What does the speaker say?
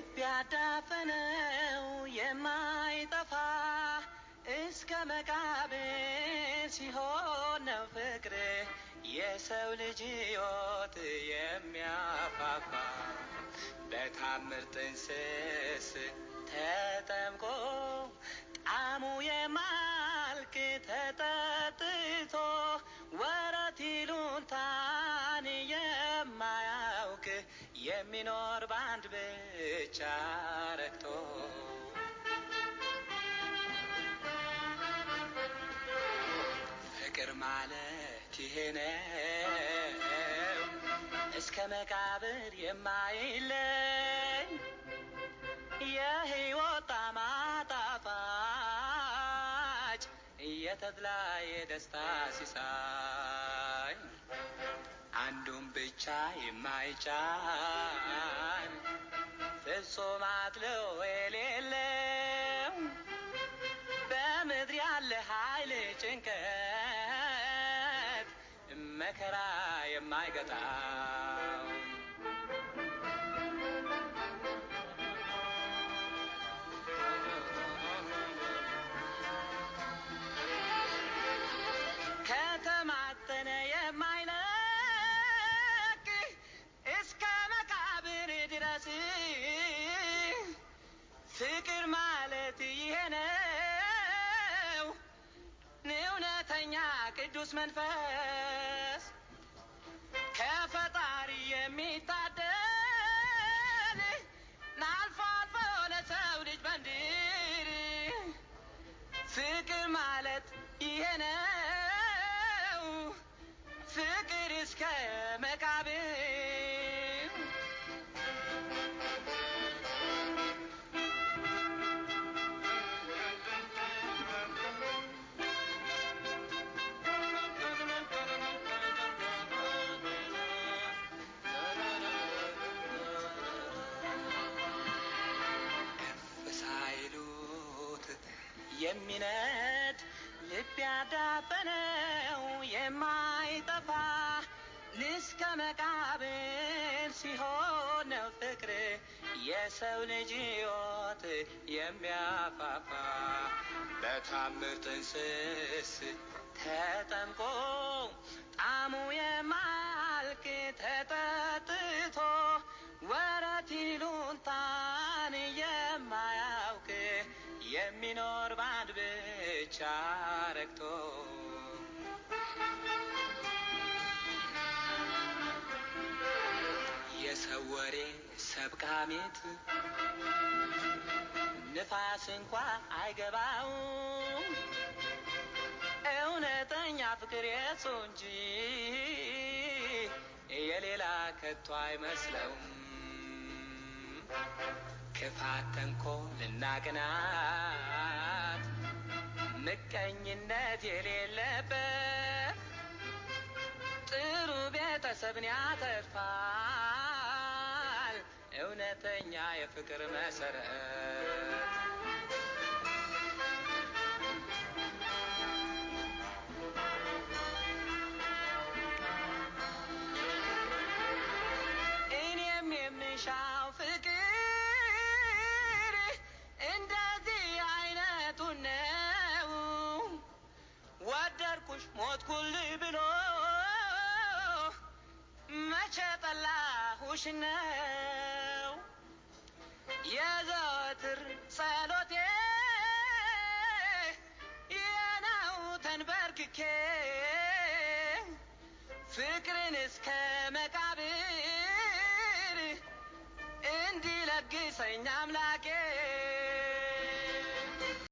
ልብ ያዳፈነው የማይጠፋ እስከ መቃብር ሲሆን ነው ፍቅር የሰው ልጅ ሕይወት የሚያፋፋ በታምር ጥንስስ ተጠምቆ ጣሙ የሚኖር በአንድ ብቻ ረግቶ ፍቅር ማለት ይሄ ነው እስከ መቃብር የማይለይ የሕይወት ጣዕም ጣፋጭ የተድላ የደስታ ሲሳይ አንዱን ብቻ የማይጫን ፍጹም አድልዎ የሌለው በምድር ያለ ኃይል ጭንቀት መከራ የማይገጣው ቅዱስ መንፈስ ከፈጣሪ የሚታደል አልፎ አልፎ ለሰው ልጅ በንድር ፍቅር ማለት ይሄ ነው። ፍቅር እስከ መቃ የሚነድ ልብ ያዳበነው የማይጠፋ ልስከ መቃብር ሲሆን ነው ፍቅር የሰው ልጅ ሕይወት የሚያፋፋ በታምር ጥንስስ ተጠምቆ የሚኖር ባንድ ብቻ ረግቶ የሰው ወሬ ሰብቃሜት ንፋስ እንኳ አይገባውም። እውነተኛ ፍቅር የሱ እንጂ የሌላ ከቶ አይመስለውም። ክፋት፣ ተንኮልና ቅናት ምቀኝነት የሌለበት ጥሩ ቤተሰብን ያተርፋል እውነተኛ የፍቅር መሰረት ፊትሽ ነው የዘወትር ጸሎቴ የነው ተንበርክኬ ፍቅርን እስከ መቃብር እንዲለግሰኝ